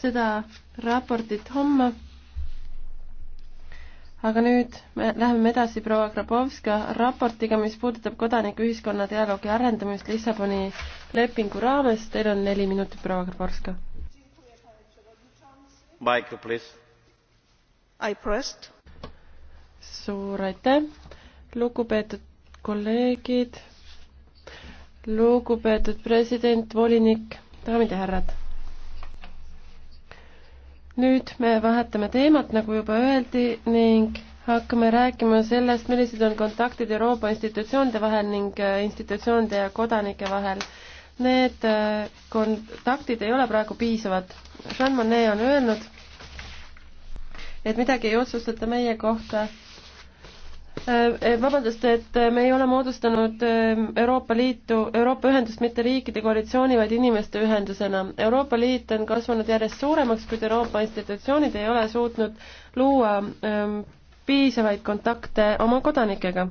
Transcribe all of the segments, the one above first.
seda raportit homme. aga nüüd me läheme edasi proua Grabovska raportiga, mis puudutab kodanikuühiskonna dialoogi arendamist Lissaboni lepingu raames. Teil on neli minutit, proua Grabovska. Micro, please. I pressed. suur aitäh, lugupeetud kolleegid, lugupeetud president, volinik, daamid ja härrad nüüd me vahetame teemat, nagu juba öeldi, ning hakkame rääkima sellest, millised on kontaktid Euroopa institutsioonide vahel ning äh, institutsioonide ja kodanike vahel. Need äh, kontaktid ei ole praegu piisavad. Jean Monnet on öelnud, et midagi ei otsustata meie kohta Äh, vabandust, et äh, me ei ole moodustanud äh, Euroopa Liitu, Euroopa Ühendust mitte riikide koalitsiooni, vaid inimeste ühendusena. Euroopa Liit on kasvanud järjest suuremaks, kuid Euroopa institutsioonid ei ole suutnud luua ähm, piisavaid kontakte oma kodanikega.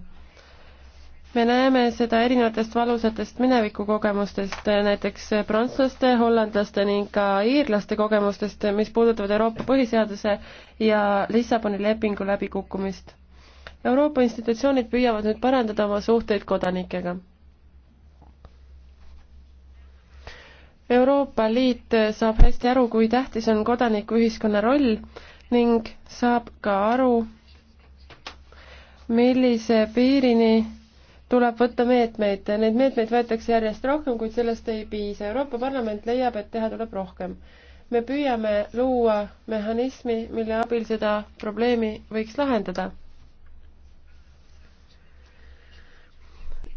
me näeme seda erinevatest valusatest minevikukogemustest, näiteks prantslaste, hollandlaste ning ka iirlaste kogemustest, mis puudutavad Euroopa põhiseaduse ja Lissaboni lepingu läbikukkumist Euroopa institutsioonid püüavad nüüd parandada oma suhteid kodanikega. Euroopa Liit saab hästi aru, kui tähtis on kodanikuühiskonna roll ning saab ka aru, millise piirini tuleb võtta meetmeid. Neid meetmeid võetakse järjest rohkem, kuid sellest ei piisa. Euroopa Parlament leiab, et teha tuleb rohkem me püüame luua mehhanismi, mille abil seda probleemi võiks lahendada.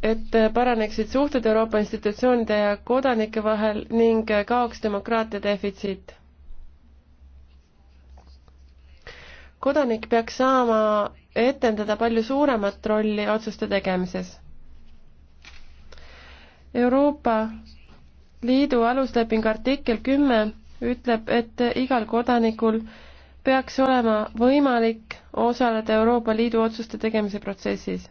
et paraneksid suhted Euroopa institutsioonide ja kodanike vahel ning kaoks demokraatia defitsiit. kodanik peaks saama etendada palju suuremat rolli otsuste tegemises. Euroopa Liidu aluslepingu artikkel kümme ütleb, et igal kodanikul peaks olema võimalik osaleda Euroopa Liidu otsuste tegemise protsessis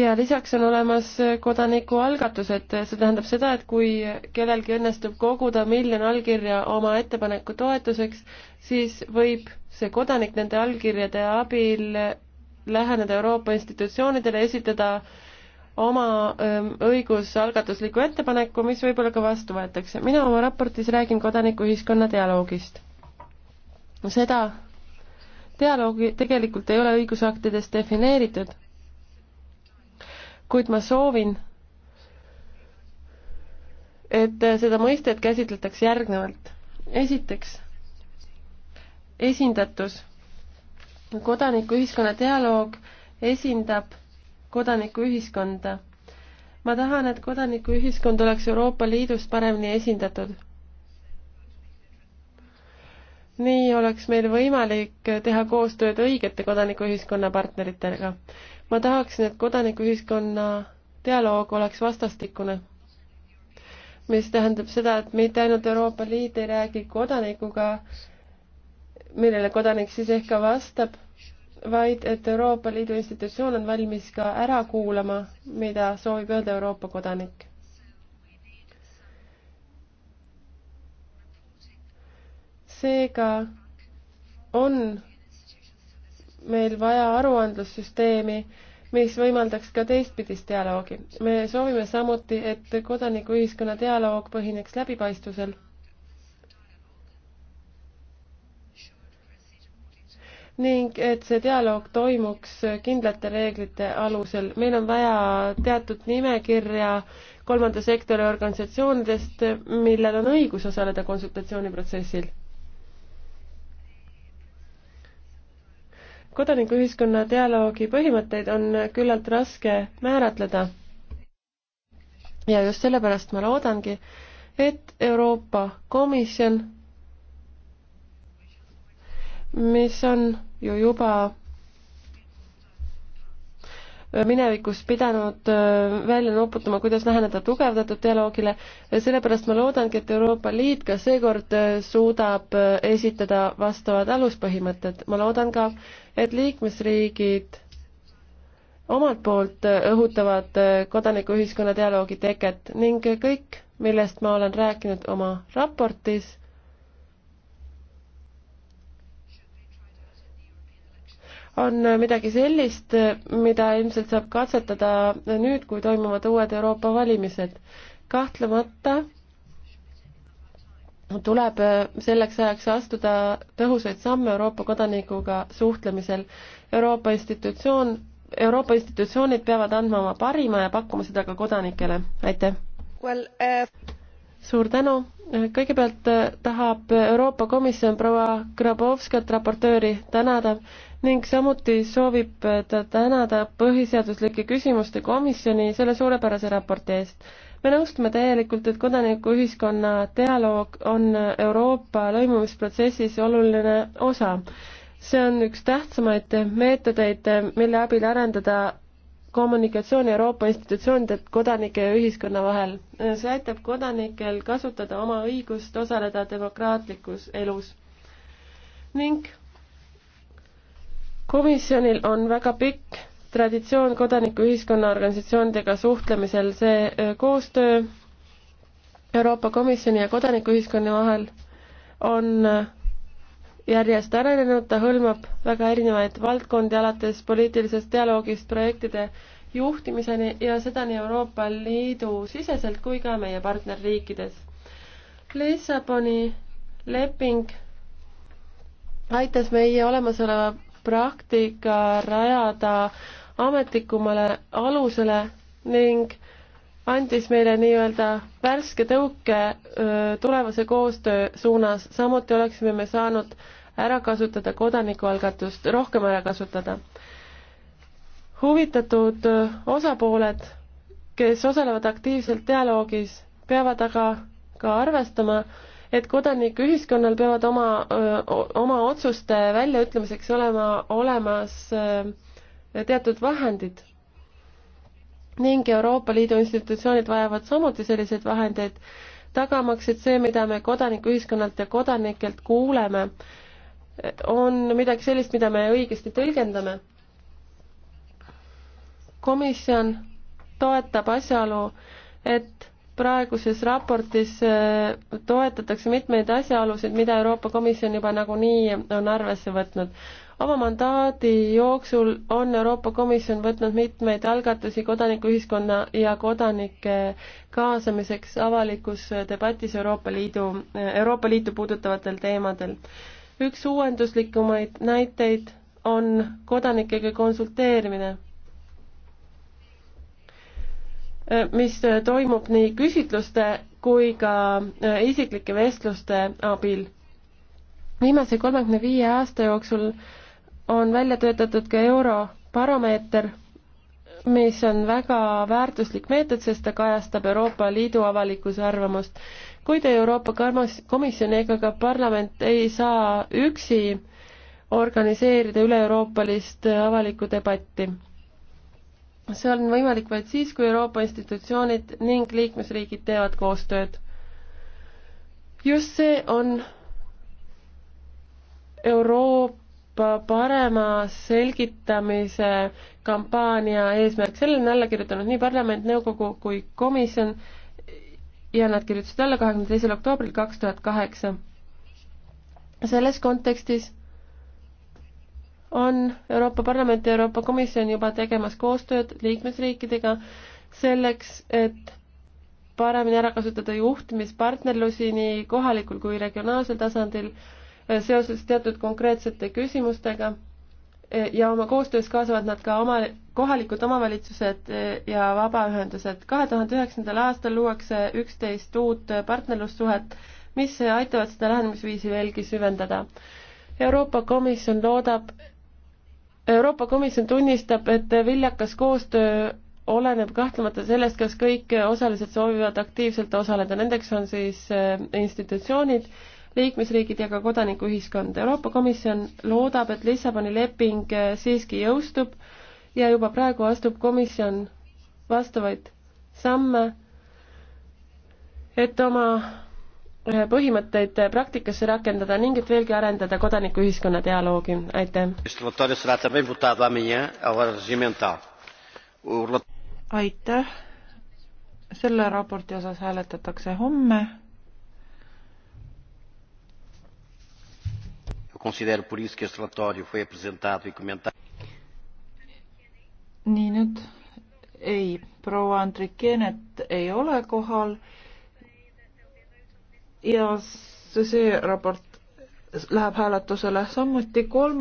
ja lisaks on olemas kodanikualgatused, see tähendab seda, et kui kellelgi õnnestub koguda miljon allkirja oma ettepaneku toetuseks, siis võib see kodanik nende allkirjade abil läheneda Euroopa institutsioonidele, esitada oma ähm, õigusalgatusliku ettepaneku, mis võib-olla ka vastu võetakse. mina oma raportis räägin kodanikuühiskonna dialoogist. seda dialoogi tegelikult ei ole õigusaktides defineeritud kuid ma soovin, et seda mõistet käsitletakse järgnevalt. esiteks, esindatus. kodanikuühiskonna dialoog esindab kodanikuühiskonda. ma tahan, et kodanikuühiskond oleks Euroopa Liidus paremini esindatud nii oleks meil võimalik teha koostööd õigete kodanikuühiskonna partneritega. ma tahaksin, et kodanikuühiskonna dialoog oleks vastastikune, mis tähendab seda, et mitte ainult Euroopa Liit ei räägi kodanikuga, millele kodanik siis ehk ka vastab, vaid et Euroopa Liidu institutsioon on valmis ka ära kuulama, mida soovib öelda Euroopa kodanik. seega on meil vaja aruandlussüsteemi, mis võimaldaks ka teistpidist dialoogi. me soovime samuti, et kodanikuühiskonna dialoog põhineks läbipaistvusel. ning et see dialoog toimuks kindlate reeglite alusel. meil on vaja teatud nimekirja kolmanda sektori organisatsioonidest, millel on õigus osaleda konsultatsiooniprotsessil kodanikuühiskonna dialoogi põhimõtteid on küllalt raske määratleda. ja just sellepärast ma loodangi, et Euroopa Komisjon, mis on ju juba minevikus pidanud välja noputama, kuidas läheneda tugevdatud dialoogile. sellepärast ma loodangi, et Euroopa Liit ka seekord suudab esitada vastavad aluspõhimõtted. ma loodan ka, et liikmesriigid omalt poolt õhutavad kodanikuühiskonna dialoogi teket ning kõik, millest ma olen rääkinud oma raportis on midagi sellist, mida ilmselt saab katsetada nüüd, kui toimuvad uued Euroopa valimised. kahtlemata tuleb selleks ajaks astuda tõhusaid samme Euroopa kodanikuga suhtlemisel. Euroopa institutsioon, Euroopa institutsioonid peavad andma oma parima ja pakkuma seda ka kodanikele. aitäh well,! Uh suur tänu. kõigepealt äh, tahab Euroopa Komisjon proua Grabovskat raportööri tänada ning samuti soovib äh, ta tänada Põhiseaduslike Küsimuste Komisjoni selle suurepärase raporti eest. me nõustume täielikult, et kodanikuühiskonna dialoog on Euroopa lõimumisprotsessis oluline osa. see on üks tähtsamaid meetodeid, mille abil arendada kommunikatsioon Euroopa institutsioonide, kodanike ja ühiskonna vahel. see aitab kodanikel kasutada oma õigust osaleda demokraatlikus elus. ning komisjonil on väga pikk traditsioon kodanikuühiskonna organisatsioonidega suhtlemisel, see e, koostöö Euroopa Komisjoni ja kodanikuühiskonna vahel on e, järjest arenenud, ta hõlmab väga erinevaid valdkondi, alates poliitilisest dialoogist projektide juhtimiseni ja seda nii Euroopa Liidu siseselt kui ka meie partnerriikides. Lissaboni leping aitas meie olemasoleva praktika rajada ametlikumale alusele ning andis meile nii-öelda värske tõuke tulevase koostöö suunas, samuti oleksime me saanud ära kasutada kodanikualgatust, rohkem ära kasutada. huvitatud osapooled, kes osalevad aktiivselt dialoogis, peavad aga ka arvestama, et kodanikuühiskonnal peavad oma, oma otsuste väljaütlemiseks olema olemas teatud vahendid ning Euroopa Liidu institutsioonid vajavad samuti selliseid vahendeid, tagamaks, et see, mida me kodanikuühiskonnalt ja kodanikelt kuuleme, on midagi sellist, mida me õigesti tõlgendame. komisjon toetab asjaolu, et praeguses raportis äh, toetatakse mitmeid asjaolusid, mida Euroopa Komisjon juba nagunii on arvesse võtnud. oma mandaadi jooksul on Euroopa Komisjon võtnud mitmeid algatusi kodanikuühiskonna ja kodanike kaasamiseks avalikus debatis Euroopa Liidu, Euroopa Liitu puudutavatel teemadel. üks uuenduslikumaid näiteid on kodanikega konsulteerimine mis toimub nii küsitluste kui ka äh, isiklike vestluste abil. viimase kolmekümne viie aasta jooksul on välja töötatud ka Eurobaromeeter, mis on väga väärtuslik meetod, sest ta kajastab Euroopa Liidu avalikkuse arvamust. kuid Euroopa Komisjon ega ka parlament ei saa üksi organiseerida üle-euroopalist avalikku debatti see on võimalik vaid siis, kui Euroopa institutsioonid ning liikmesriigid teevad koostööd. just see on Euroopa parema selgitamise kampaania eesmärk, sellele on alla kirjutanud nii parlament, nõukogu kui komisjon ja nad kirjutasid alla kahekümne teisel oktoobril kaks tuhat kaheksa. selles kontekstis on Euroopa Parlament ja Euroopa Komisjon juba tegemas koostööd liikmesriikidega selleks, et paremini ära kasutada juhtimispartnerlusi nii kohalikul kui regionaalsel tasandil eh, seoses teatud konkreetsete küsimustega eh, ja oma koostöös kaasavad nad ka oma, kohalikud omavalitsused eh, ja vabaühendused. kahe tuhande üheksandal aastal luuakse üksteist uut partnerlussuhet, mis aitavad seda lähenemisviisi veelgi süvendada. Euroopa Komisjon loodab, Euroopa Komisjon tunnistab, et viljakas koostöö oleneb kahtlemata sellest, kas kõik osalised soovivad aktiivselt osaleda, nendeks on siis äh, institutsioonid, liikmesriigid ja ka kodanikuühiskond. Euroopa Komisjon loodab, et Lissaboni leping äh, siiski jõustub ja juba praegu astub komisjon vastavaid samme, et oma põhimõtteid praktikasse rakendada ning et veelgi arendada kodanikuühiskonna dialoogi. aitäh! aitäh! selle raporti osas hääletatakse homme. E nii nüüd ei, proua Andrikenet ei ole kohal ja see raport läheb hääletusele samuti kolm